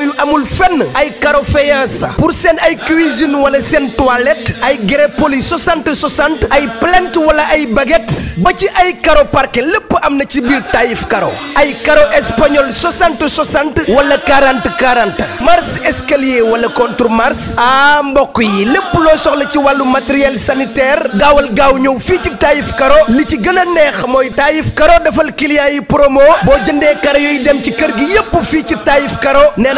yooyu amul fenn ay carreau faïence pour seen ay cuisine wala seen toilette ay grès poli 60 60 ay plinthe wala ay baguette ba ci ay carreau parquet lépp am na ci biir Taïf carreau ay carreau espagnol 60 60 wala 40 40 marche escalier wala contre marche ah mbokk yi lépp loo soxla ci wàllu matériel sanitaire gaawal gaaw ñëw fii ci Taïf carreau li ci gën a neex mooy Taïf carreau defal client yi promo boo jëndee carreau yooyu dem ci kër gi yépp fii ci Taïf carreau nee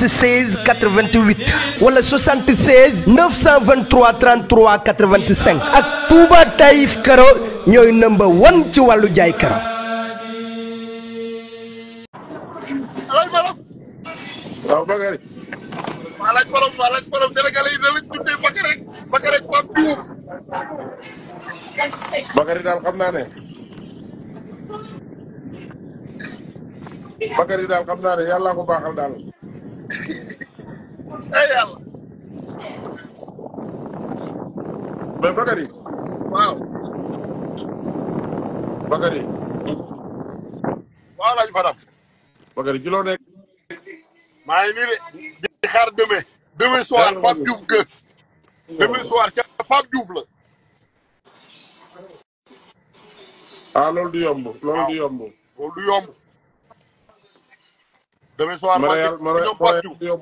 96 88 wala 76 923 33 ak Touba Taïf Karo ñooy number one ci wàllu jaay karo. waaw daal xam naa ne. Bakary daal xam naa ne yàlla ko baaxal daal. ay yàlla. mais Bakary. waaw. Bakary. waaw laaj Fadam. maa ngi nii de. di xaar soir Pape Diouf kër. demee soir ca Pape Diouf la. ah du yomb. loolu du yomb. loolu du yomb. demee soir Pape Diouf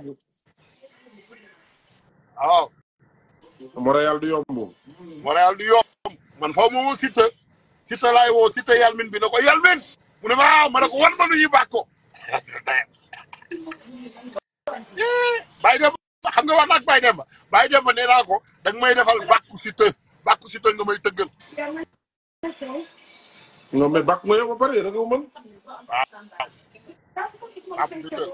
waaw. Montréal du yomb. Montréal du yomb man foofu ma woo Siteu Siteu laay woo Siteu Yalmin bi na ko Yalmin mu ne ma ah ma ne ko wan ma nu ñuy bàkk ko. Baye Demba xam nga wax naag Baye Demba Baye Demba nee naa ko da nga may defal bàkku Siteu bàkku Siteu nga may tëggal. non mais bàkk nga ba pare da nga mën. waaw bàkku Siteu.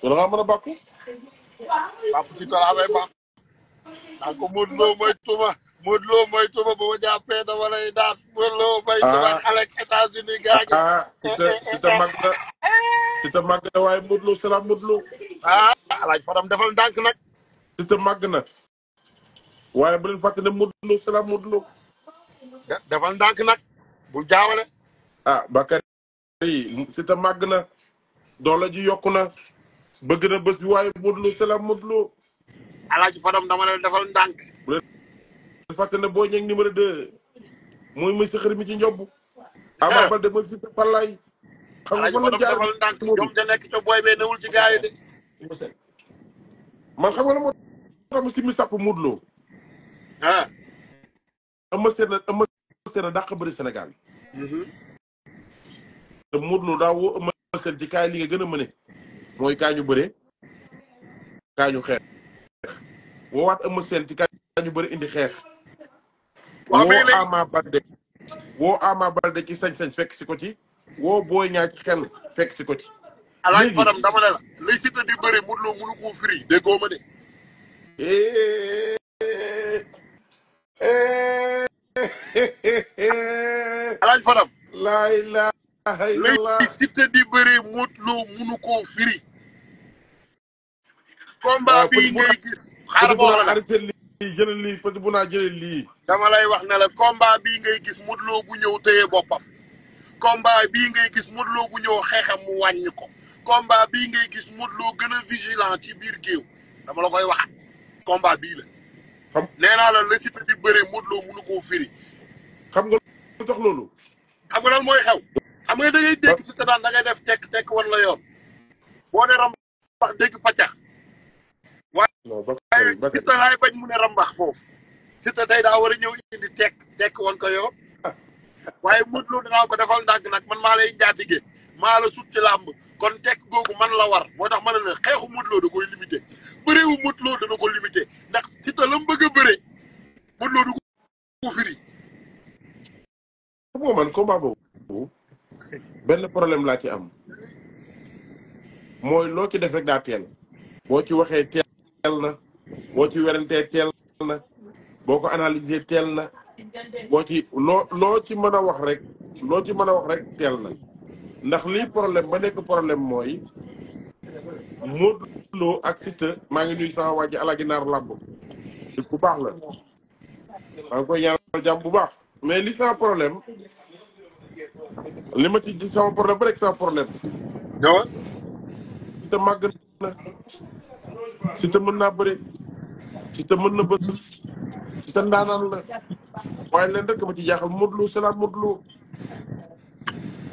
wala ngaa mën papa ci tolluwaay ba naa ko Modou Lo mooy tuuma Modou Lo mooy tuuma ba ma jàppee dama lay daan Modou Lo mooy ah. États-Unis gaañ ah Siteu mag mag na waaye Modou ah, ndànk nag Siteu mag na waaye bu leen fàtte ne Modou Lo sera Modou Lo defal ndànk nag bu jaawale ah Bakary Siteu mag na doole ji yokk na bëgg na bés bi waaye Modou Lo Fadam dama leen defal ndànk. bu leen fàtte ne boo ñëwee numéro 2 mooy muy sa xarit ci njob. Eh. Ama Baldé mooy fii Fallaye. xam nga la jaar defal ndànk ñoom da nekk ca booy bee newul ci gars yi man xam nga la moo tax ma si mi sàpp Modou Lo. ah. Eumeu Sène na Eumeu Sène na dàq bëri Sénégal. Mhm. te Modou Lo li nga gën a mëne. mooy kaañu bëre kaañu xeex woowaat Eumeu Sène ci kaañu bëre indi xeex woo Ama Baldé woo Ama Baldé ci sañ-sañ fekk si ko ci woo Boy Niang ci xel fekk si ko ci alaaj faram dama ne la lay lay Siteu di bëre Modou Lo mënu koo firi combat bi ngay gis. xaaral boo xam ne arrêté lii jëlal lii Petit lii. dama lay wax ne la combat bii ngay gis Modou Lo bu ñëw téye boppam. combat bii ngay gis Modou Lo ñëw xeexam mu wàññi komba combat bii ngay gis Modou Lo gën a vigilant ci biir géew dama la koy waxaat. combat bii la. xam naa la la Siteu di bëree Modou Lo mënu firi. xam nga lu loolu. xam nga lan mooy xew. xam nga da ngay dégg Siteu daan da ngay def tekk tekk wan la yoon. boo ne wax dégg pàccax. Siteu laay bañ mu ne rambax foofu Siteu tey daa war a ñëw indi tekk tekk woon ko yow waaye Modou Lo danaa ko defal ndànk nag man maa lay njaatige maa la sut ci làmb kon tekk googu man la war moo tax man ne la xeexu Modou Lo da koy limité bëreewu Modou Lo dana ko ndax Siteu la mu bëgg a bëre Modou Lo du ko firi bo man combat boobu benn problème laa ci am mooy loo ci def daa teel boo ci waxee teel na woo ci werantee teel na boo ko analyser teel na boo ci loo loo ci mën a wax rek loo ci mën a wax rek teel na ndax lii problème ba nekk problème mooy Modou Lo ak Siteu maa ngi nuyu sama waa ji ala ginaar làmb bu baax la maa ngi koy ñaanal jàmm bu baax mais li sama problème li ma ci gis sama problème ba rek sama problème ñëwal Siteu màgg na Siteu mën naa Siteu mën na bës Siteu ndaanaan la waaye leen rek ma ci jaaxal Modou Lo salaam Modou Lo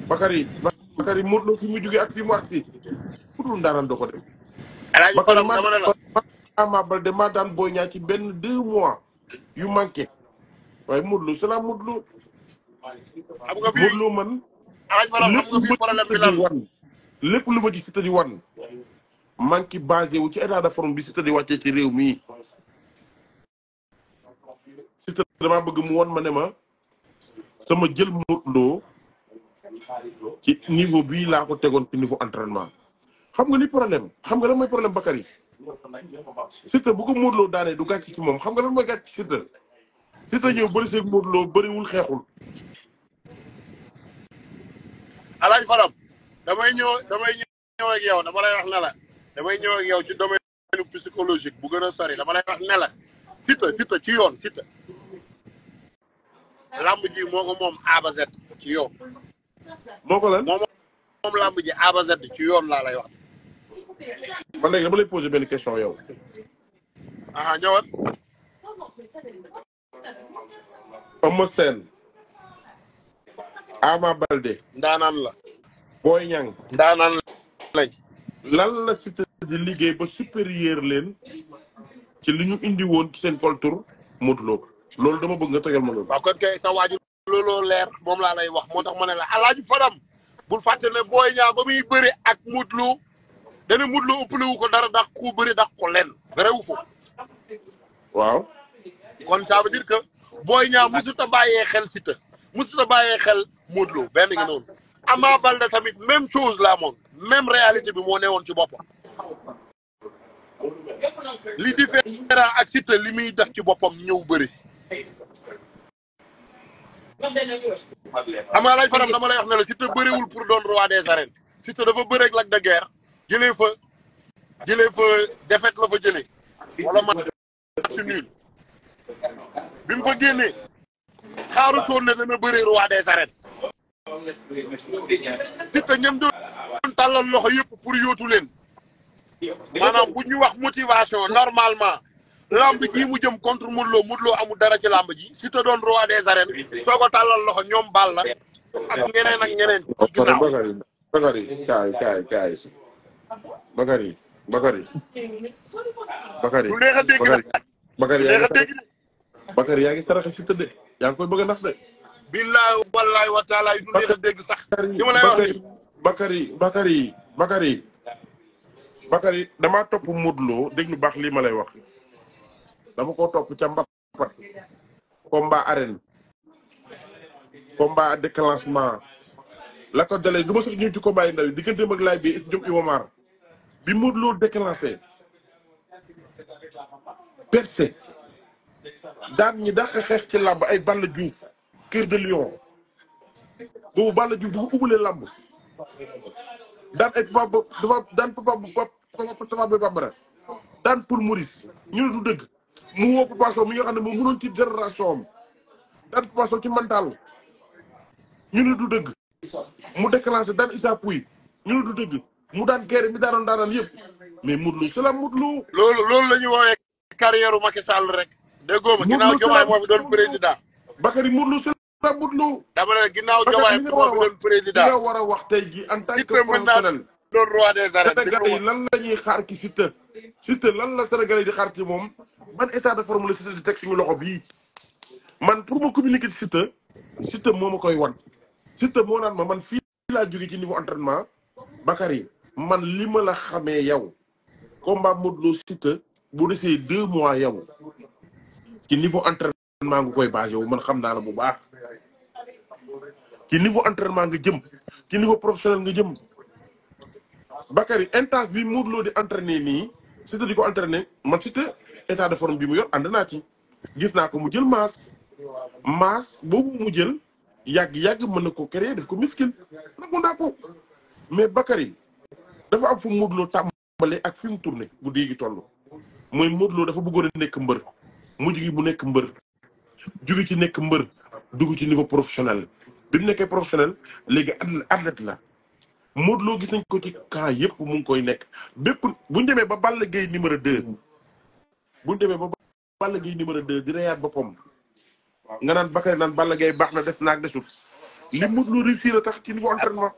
Bakary Bakary Modou Lo mu jógee ak fi mu agsi pour ndaanaan doo ko def. daan Boy ci benn deux mois yu manqué waaye Modou Lo salaam Modou Lo. am man. alaaji Faram am lu ma ci Siteu di wan. manqué basé wu ci état de forme bi Siteu di wàccee ci réew mi. dama bëgg mu won ma ne ma sama jël Modou Lo ci niveau bii laa ko tegoon ci niveau entraînement xam nga li problème xam nga lan may problème ba Siteu bu ko Modou Lo daanee du gàcc ci moom xam nga lan mooy gàcc ci Siteu Siteu ñëw bëri seeg Modou Lo bëriwul xeexul alaaj Faram damay ñëw damay ñëw ak yow dama lay wax damay ñëw ak yow ci domaine psychologique bu gën a sori dama lay wax ne la Siteu ci yoon Siteu lamb ji moo ko moom abazet ci yoon. moo ko lan moom lamb ji abazet ci yoon laa lay wax. man léegi dama lay poser benn question yow. ah ñëwaat. Eumeu Sène. Ama Balde. ndaanaan la. Boy Niang. ndaanaan lañ. lan la Siteu di liggéey ba supérieur leen ci li ñu indi woon ci seen culture Modou loolu dama bëgg nga tegal ma loolu. waaw kon kay sa waaju looloo leer moom laa lay wax moo tax ma ne la alaaju Fadam bu fàtte ne booy ñaa ba muy bëri ak mutlu dana mutlu ëppale wu ko dara dax ku bëri dax ko leen vrai wu foofu. waaw. kon ça veut dire ñaa mosut bàyyee xel si te bàyyee xel mutlu benn nga noonu. Ama Balde tamit même chose la amoon même réalité bi moo newoon ci boppam. li différent ak Siteu li muy def ci boppam ñëw bëri. xam nga lay faram dama lay wax ne la Siteu bëriwul pour doon roi des arènes Siteu dafa bëreeg Lac de Guiers jëlee fa jëlee fa défaite la fa jëlee wala match nul bi mu fa génnee xaarutoon ne dana bëree roi des arènes Siteu ñam doon tàllal loxo yëpp pour yóotu leen maanaam bu ñu wax motivation normalement lamb ji mu jëm contre Modou Lo amu dara ci lamb ji ci te doon roi des arènes soko talal loxo ñom bal la ak ngeneen ak bakari ci ginnaaw Bakary Bakary kaay kaay kaay Bakary Bakary Bakary du neex a dégg nag koy bëgg naf de billahi wallahi wa taala du neex a dégg sax li ma lay wax bakari bakari bakari bakari damaa topp Modou Lo déglu baax lii ma wax dama ko topp ca mbapat combat arène combat déclenchement la ko dalee du ma sax ñëw ci combat yi ndaw yi digganteem ak bi is jom iwamar bi Modou Lo déclenché percé daan ñi daq xeex ci làmb ay Balla Diouf Cœur de Lion boobu Balla Diouf dafa ubbalee làmb daan ay papa daan papa bu daan pour Maurice ñu du dëgg mu woo Papa Sow mi nga xam ne moom mënoon ci génération dan daan Papa Sow ci mental ñu ne du dëgg mu déclenché daan Issa Pouye ñu ne du dëgg mu daan kere bi daanoon daanaan yëpp mais mudlu Lô salaam Modou Lô. loolu loolu la ñu woowee carrière Macky Sall rek. déggoo ma ginnaaw Diomaye moo fi doon président. Bakary Modou Lô salaam dama ne ginnaaw Diomaye moo fi doon président. nga wax tey jii en tant que professionnel. le a des arènes sénégalais yi lan la ñuy xaar ci Siteu Siteu lan la sénégalais yi di xaar moom ban état de forme la Siteu di teg suñu loxo bii man pour ma communiquer ci Siteu Siteu moo ma koy wan Siteu moo naan ma man fii laa ki ci niveau entraînement Bakary man li ma la xamee yow combat Modou Lo Siteu bu desee deux mois yow ci niveau entraînement nga koy basé wu man xam naa bu baax ci niveau entraînement nga jëm ci niveau professionnel nga jëm Bakary intense bi Modou Lo di entraîner nii Siteu di ko entraîner man Siteu état de forme bi mu yor ànd naa ci gis naa ko mu jël masse masse boobu mu jël yàgg-yàgg mën na ko créer def ko miskil nangu ko mais Bakary dafa am fu Modou Lo tàmbalee ak fi mu tourné guddi gi toll mooy Modou dafa bëggoon a nekk mbër mujj gi mu nekk mbër jugi ci nekk mbër dugg ci niveau professionnel bi mu nekkee professionnel léegi athlète la Modou Lo gis nañ ko ci cas yëpp mu ngi koy nekk bépp bu ñu demee ba Balla Gaye numéro 2. bu ñu demee ba Balla Gaye numéro 2 di reyaat boppam. nga naan Bakary naan Balla Gaye baax na def naag desut. li Modou Lo réussir a tax ci niveau entraînement.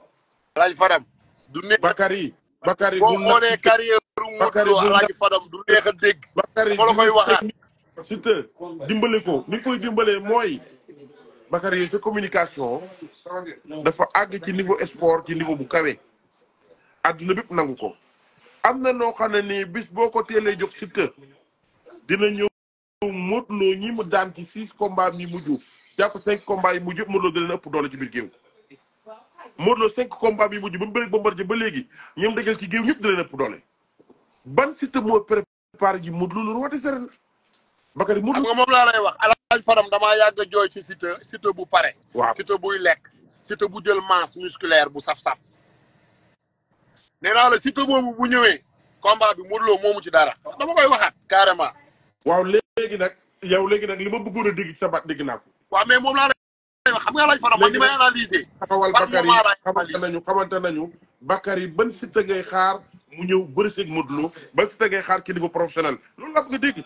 laaj Fadam. du ne Bakary. Bakary boo xoolee carrière Modou Lo laaj Fadam du neex a dégg. Bakary la koy waxaat. Siteu dimbale ko ni koy dimbalee mooy. Bakary sa communication dafa àgg ci niveau sport ci niveau bu kawee àdduna bépp nangu ko am na noo xam ne nii bis boo ko teelee jox Siteu dina ñëw Modou Lo ñi mu daan ci six combats mi mujj jàpp cinq combats yi mujj yëpp Modou Lo da leen ëpp doole ci biir géew Modou Lo cinq combats yi mujj ba mu bëri Bombardier ba léegi ñoom dajal ci géew ñëpp da leen ëpp doole ban Siteu moo préparé ji Modou Lo lu roote seren Bakary mu xam nga moom laa lay wax alaaj faram damaa yàgg a jooy ci Siteu Siteu bu pare. waaw Siteu buy lekk Siteu bu jël masse musculaire bu saf-saf. nee naa la Siteu boobu bu ñëwee combat bi Modou Lo mu ci dara dama koy waxaat carrément. waaw léegi nag yow léegi nag li ma bëggoon a dégg ci sa baat dégg naa ko. waaw mais moom laa lay wax xam nga alaaj faram man ni may analyser. taxawal Bakary xamante nañu xamante nañu Bakary ban Siteu ngay xaar mu ñëw bëri si Modou Lo ban Siteu ngay xaar kilifa professionnel loolu la nga dégg.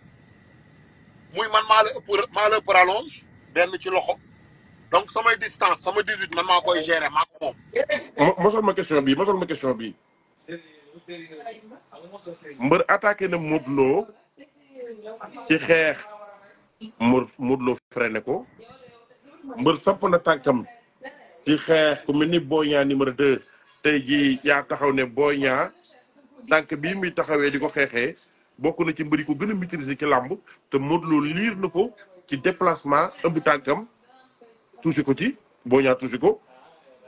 muy man maa la ëpp maa la ëpp ci loxo donc samay distance sama 18 man maa koy gérer maa ko moom. ma question bi mosal ma question bi na Modou Lo ci xeex mu Modou Lo freiné ko mbër samp na tànkam ci xeex ku mel ni Boy Niang numéro 2 tey jii ya taxaw ne Boy Niang bi bii muy taxawee di ko xeexee. bokk na ci mbër ko gën a maîtriser lamb te Modou Lo liir na ko ci déplacement ëmb tànkam touché ko ci boo ñaa touché ko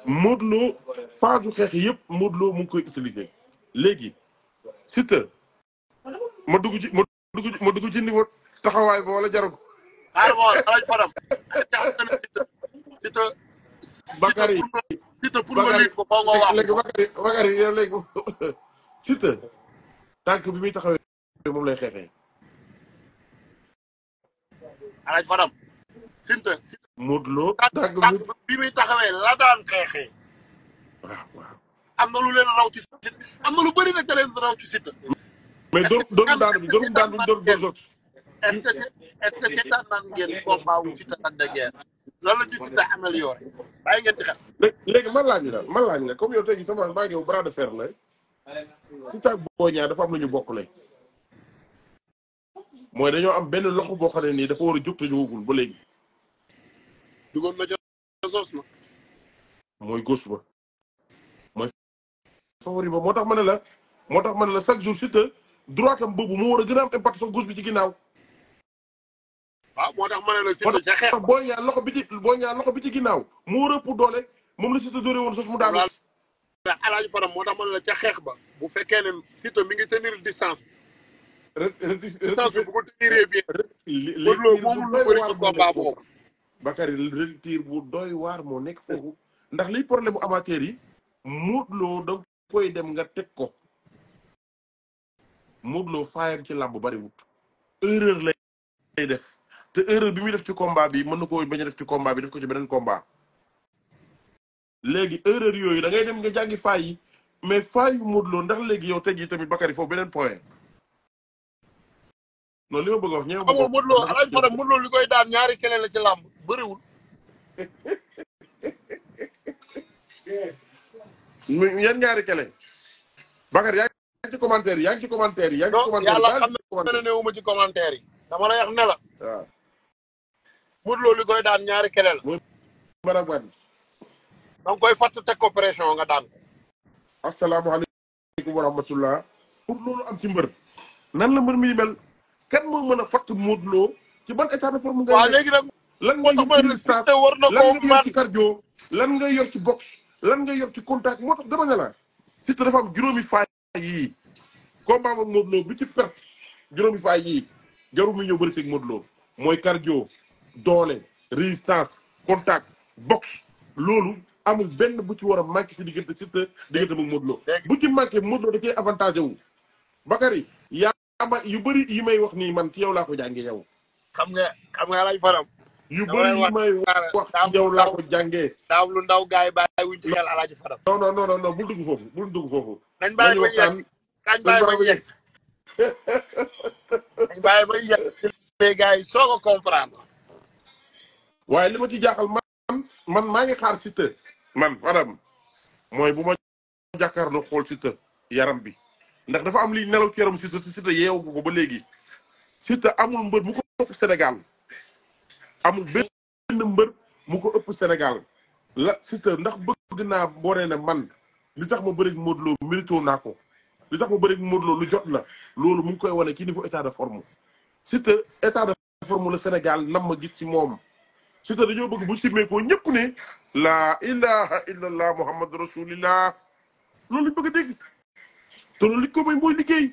Modou xeex yëpp Modou Lo koy utiliser léegi Siteu ma dugg ci ma ci ma dugg ci taxawaay ba wala jaru ko. aywa aywa Fadam. Siteu tànk bi muy taxawee moom lay xeexee. alaaj Fadam. Siteu. Modou Lo dàgg bi muy taxawee la daan xeexee. waaw waaw. am na lu leen raw ci Siteu am na lu bëri nag da leen raw ci Siteu. mais dóor dóorum daan bi dóorum daan bi dóor dóor est-ce que est-ce naan ngeen combat wu Siteu ak de la lan la ci Siteu amélioré bàyyi ngeen ci xel. léegi man laa ñu daal man laa ñu daal comme yow tey jii sama baa ngi yow bras de fer la Siteu ak Boy dafa am lu ñu bokk lay. mooy dañoo am benn loxo boo xam nii dafa war a jóg te jógagul ba léegi. dugoon na ca sos na. mooy gauche ba. mooy favori ba moo tax ma ne la moo tax ma na la chaque jour surtout droite am boobu mu war a gën a am impact sax gauche bi ci ginnaaw. waaw ah, moo tax ma ne la surtout ca xeex boo ñaar loxo bi ci boo ñaar loxo bi ci ginnaaw mu war a ëpp doole moom la surtout dóore woon sos mu daal. alaaj faram moo tax ma ne la ca xeex ba bu fekkee ne surtout mi ngi tenir distance bi. bu ko tiiree bien. léegi moom lu bëri ci combat boobu. Bakary retire bu doy waar moo nekk foofu. ndax liy problème bu amateur yi. Modou Lo da dem nga teg ko. Modou Lo faayam ci làmb bariwut erreur lay def te erreur bi muy def ci combat bi mën na koo bañ a def ci combat bi def ko ci beneen combat. léegi yooyu da ngay dem nga jàngi faay yi mais faayu Modou Lo ndax léegi yow teg yi tamit Bakary foofu beneen point. non li bëgg wax ñeew ma ko Modou Lo dem Modou Lo daan ñaari kele la ci làmb bëriwul yan ñaari kele Bakar yaa ci commentaire yi ci commentaire yi ci commentaire yàlla xam na ne ci commentaire dama lay wax ne la daan ñaari la barak koy nga daan wa rahmatullah pour am ci nan la mbër muy mel kan moo mën a fatt Modou Lo ci ban état de forme nag lan nga yor ci lan nga yor lan nga yor ci lan nga yor ci contact moo tax dama ne la. Siteu dafa am juróomi faay yii combat ak Modou bu ci perte juróomi faay yii jarul mi ñëw bëri seeg Modou mooy cardio doole résistance contact boxe loolu amul benn bu ci war a manqué ci diggante Siteu diggante ak Modou bu ci manqué Modou Lo da cee avantage wu Bakary yaa ama yu bëri yi may wax nii man ci yow laa ko jàngee yow. xam nga xam nga lañ faram. yu bëri yi may wax ci yow laa ko lu ndaw gars yi bàyyi wuñ ci xel alaaji faram. non non non non bul dugg foofu bul dugg foofu. nañ bàyyi ba yegg yi soo comprendre. waaye li ma ci jaaxal man man maa ngi xaar Siteu man faram mooy bu ma jàkkaarloo xool Siteu yaram bi. ndax dafa am liy nelaw ci yaram Siteu te Siteu yeewu ko ba léegi Siteu amul mbër mu ko ëpp Sénégal amul benn mbër mu ko ëpp Sénégal la Siteu ndax bëgg naa booree ne man li tax ma bëri Modou Lo mérito naa ko li ma bëri Modou lu jot na loolu mu ngi koy wane ci niveau état de forme Siteu état de forme la Sénégal nam ma gis ci moom Siteu dañoo bëgg bu simmeekoo ñëpp ne laa ilaha illallah muhammadu rasulillah loolu lañ bëgg a dégg te loolu li ko may mooy liggéey.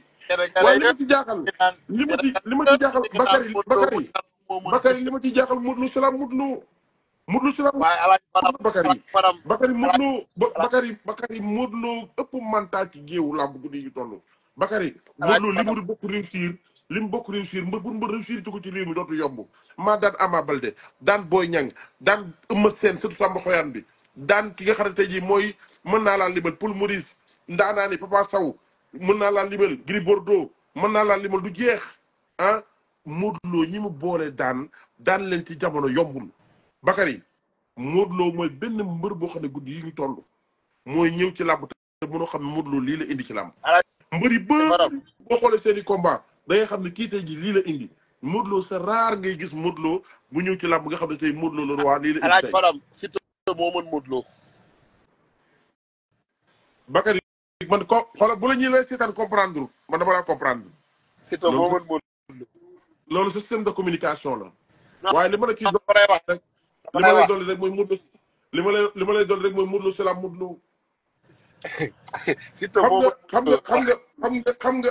waaye li ci jaaxal lima ci li ci jaaxal Bakary bakari, bakari li ci jaaxal Modou Lo salaam Modou Lo. Modou Lo salaam Bakary Bakary Modou Lo Bakary ci géewu làmb guddi yu toll. bokk réussir bokk réussir bu réussir ci ko ci Ama Baldé dan Boy Niang daan Eumeu Sène surtout Samba Xoyaan bi daan ki nga xam ne tey jii mooy mën limal Maurice ni Papa mën naa laal limal Gris Bordeaux mën naa laa limal du jeex ah Modou ñi mu boole daan daan leen ci jamono yombul Bakary Modou Lo mooy benn mbër boo xam ne guddi yi ñu toll mooy ñëw ci làmb te xam ne Modou lii la indi ci làmb mbëri bëri boo xoolee seen i combat da xam ne kii tey ji lii la indi Modou Lo sa raar ngay gis Modou mu ñëw ci làmb nga xam ne tey Modou Lo la roi lii la indi tey Bakary man ko xoolal bu la ñuy lay seetaan comprendre man dama laa comprendre. surtout moo mën moo. loolu système de communication la. waaye li ma la kii doon wax rek. li ma dolli rek mooy Modou li ma li ma dolli rek mooy Modou Sela Modou. surtout moo xam nga xam nga xam nga xam nga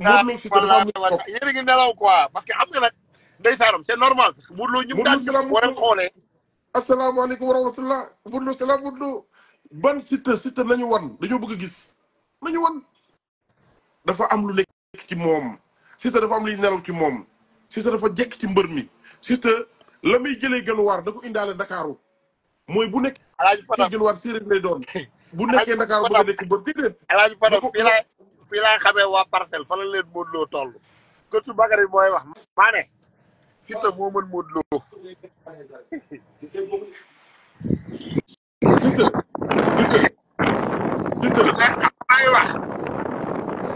xam nga ko. ngi nelaw quoi parce que xam nga c'est normal parce que Modou ñu. Modou Sela Modou war a wa ban Siteu Siteu nañu wan dañoo bëgg a gis nañu wan dafa am lu nekk ci moom Siteu dafa am luy nelaw ci moom Siteu dafa jekk ci mbër mi Siteu la muy jëlee gëluwaar da ko indaale Ndakaaru mooy bu nekk ci gëluwaar séeréer lay doon bu nekkee Ndakaaru bëgg a nekk mbër déedéet alaaji Fadam fii laa fii laa xamee waa parcelle fa la leen Modou Lo toll këtu bagari mooy wax maa ne Siteu moo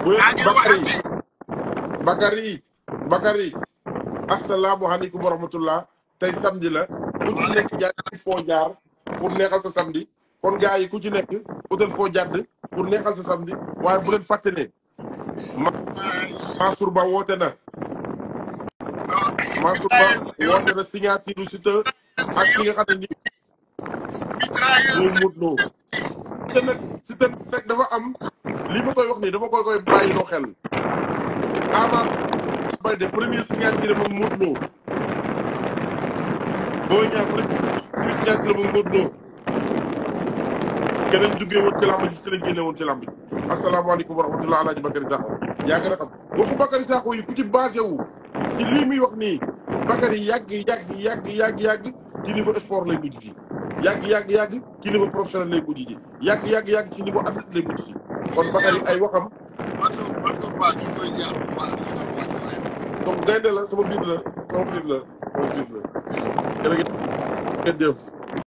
bu Bakary Bakary Bakary asalaamaaleykum wa rahmatullah tey samedi la ku ci nekk jaay foo jaar pour neexal sa samedi kon gars yi ku ci nekk utal foo jàdd pour neexal sa samedi waaye bu leen fàtte ne ma Mansour Ba woote na Mansour Ba woote ak ki nga xam ne nii ñoom Modou Lo Siteu nag Siteu dafa am lii ma koy wax nii dama koy koy bàyyi loo xel Ama Baldé première signature moom Modou Lo Boy Niang première signature moom Modou Lo keneen duggee woon ci làmb ji ci lañ génne woon ci làmb ji asalaamaaleykum wa rahmatulah alaaji Bakary Sakho yaa ngi xam waxu Bakary Sakho yi ku ci basé wu ci lii muy wax nii Bakary yàgg yàgg yàgg yàgg yàgg ci niveau sport lay mujj yàgg yàgg ci niveau professionnel lay yàgg yàgg yàgg ci lay mujj gi kon ba tey ay waxam. donc gaynde la sama biir la sama biir la sama biir la jërëjëf